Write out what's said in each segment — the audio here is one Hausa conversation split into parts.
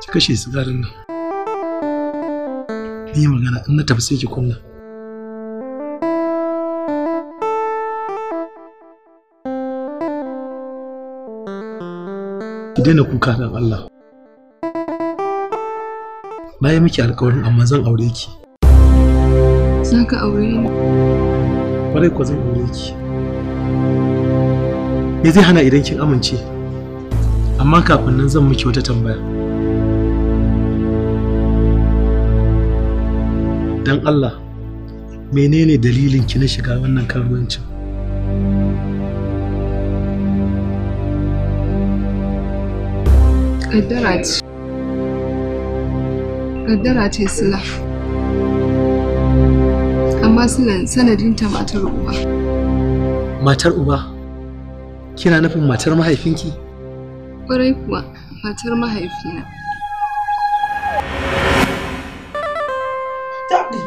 ki kashe sigarin nan ni yi magana in na tafi sai ki kunna ki daina kuka dan Allah na yi miki alkawarin amma zan aure ki za ka aure ni kwarai ko zan aure ki me zai hana idan kin amince amma kafin nan zan miki wata tambaya dan Allah menene dalilin ki na shiga wannan karuwancin kaddara ce kaddara ce sila amma silan sanadin ta matar uba matar uba kina nufin matar mahaifinki kwarai kuwa matar mahaifina tabdi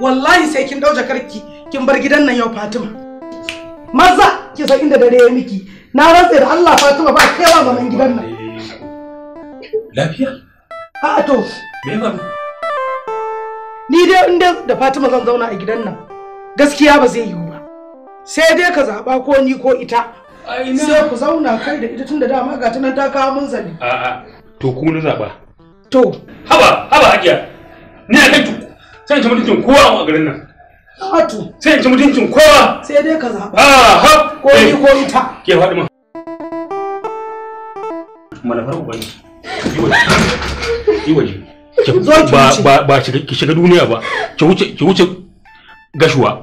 wallahi sai kin ɗau jakarki kin bar gidan nan yau fatima maza ki san inda dare ya miki na rantse da allah fatima ba kewa zaman gidan nan lafiya a'a to me ni dai inda da fatima zan zauna a gidan nan gaskiya ba zai yiwu sai dai ka zaɓa ko ni ko ita sai ku zauna kai da ita tun da dama ga tunan ta kawo mun zali a'a to ku na zaɓa to haba haba hajiya ni a kan sai in ci mutuncin kowa a garin nan Atu. Sai in ci mutuncin kowa. Sai dai ka zaɓa. Ah, ha. Ko ni eh. ko ita. Ke faɗi ma. Malafar ubani. Yi waje. Yi waje. Ba ba ba ki shiga duniya ba. Ki wuce ki wuce gashuwa.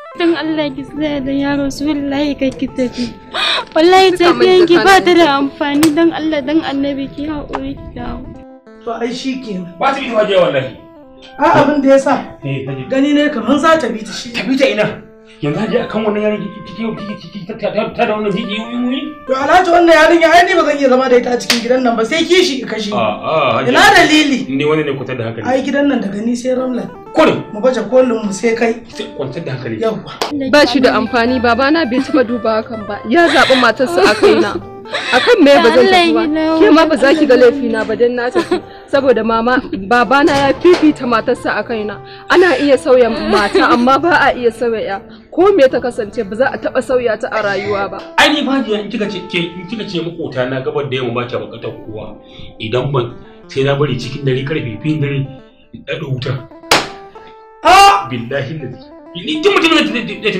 don Allah ki tsaya da yaro su wallahi kai ki tafi wallahi tafiyan ki ba ta da amfani don Allah don annabi ki haƙuri ki dawo to ai shi ke ba ta bi ta waje wallahi a abin da ya sa eh, gani ne kamar za ta bi ta shi ta bi ta ina yanzu haji akan wannan yaron kike kike ta ta ta da wannan kike yi to alhaji wannan yaron ya ai ba zan iya zama da ita a cikin gidan nan ba sai kishi ka shi ina dalili ni wani ne kwatar da haka ne. ai gidan nan daga ni sai ramla kure mu baje kolin mu sai kai kwantar da hankali yawa ba shi da amfani babana bai taba duba hakan ba ya zaɓi matarsa a kaina akan me ba zan tafi ba ke ma ba za ki ga laifina ba dan na tafi saboda mama babana ya fifita matarsa a kaina ana iya sauya mata amma ba a iya sauya ya ko me ta kasance ba za a taba sauya ta a rayuwa ba ai ni fa in kika ce in kika ce makota na gaban da yamma ba ta bakata kowa idan ban sai na bari cikin dare karfe fin dare da wuta a ah! billahi ne ni duk mutumin da ta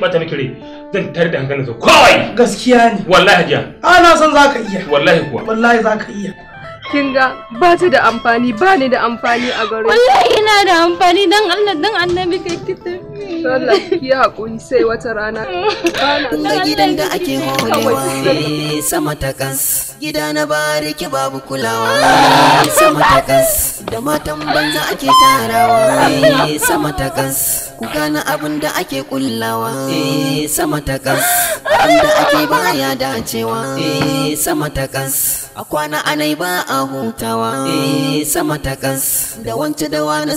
ba bata miki rai zan tar da sa, kawai gaskiya ne wallahi ja a ah, na san zaka iya wallahi kuwa wallahi zaka iya kin ga ba ta da amfani ba ni da amfani a gare wallahi ina da amfani dan Allah dan annabi kai ki tafi ki hakuri sai wata rana da gidan da ake horewa sama ta kas gida na bariki babu kulawa sama ta kas da matan banza ake tarawa sama ta kas ku gana abin da ake kullawa sama ta kas Abinda ake baya dacewa eh, sama takas a kwana anai ba a hutawa eh, sama takas da wance da wani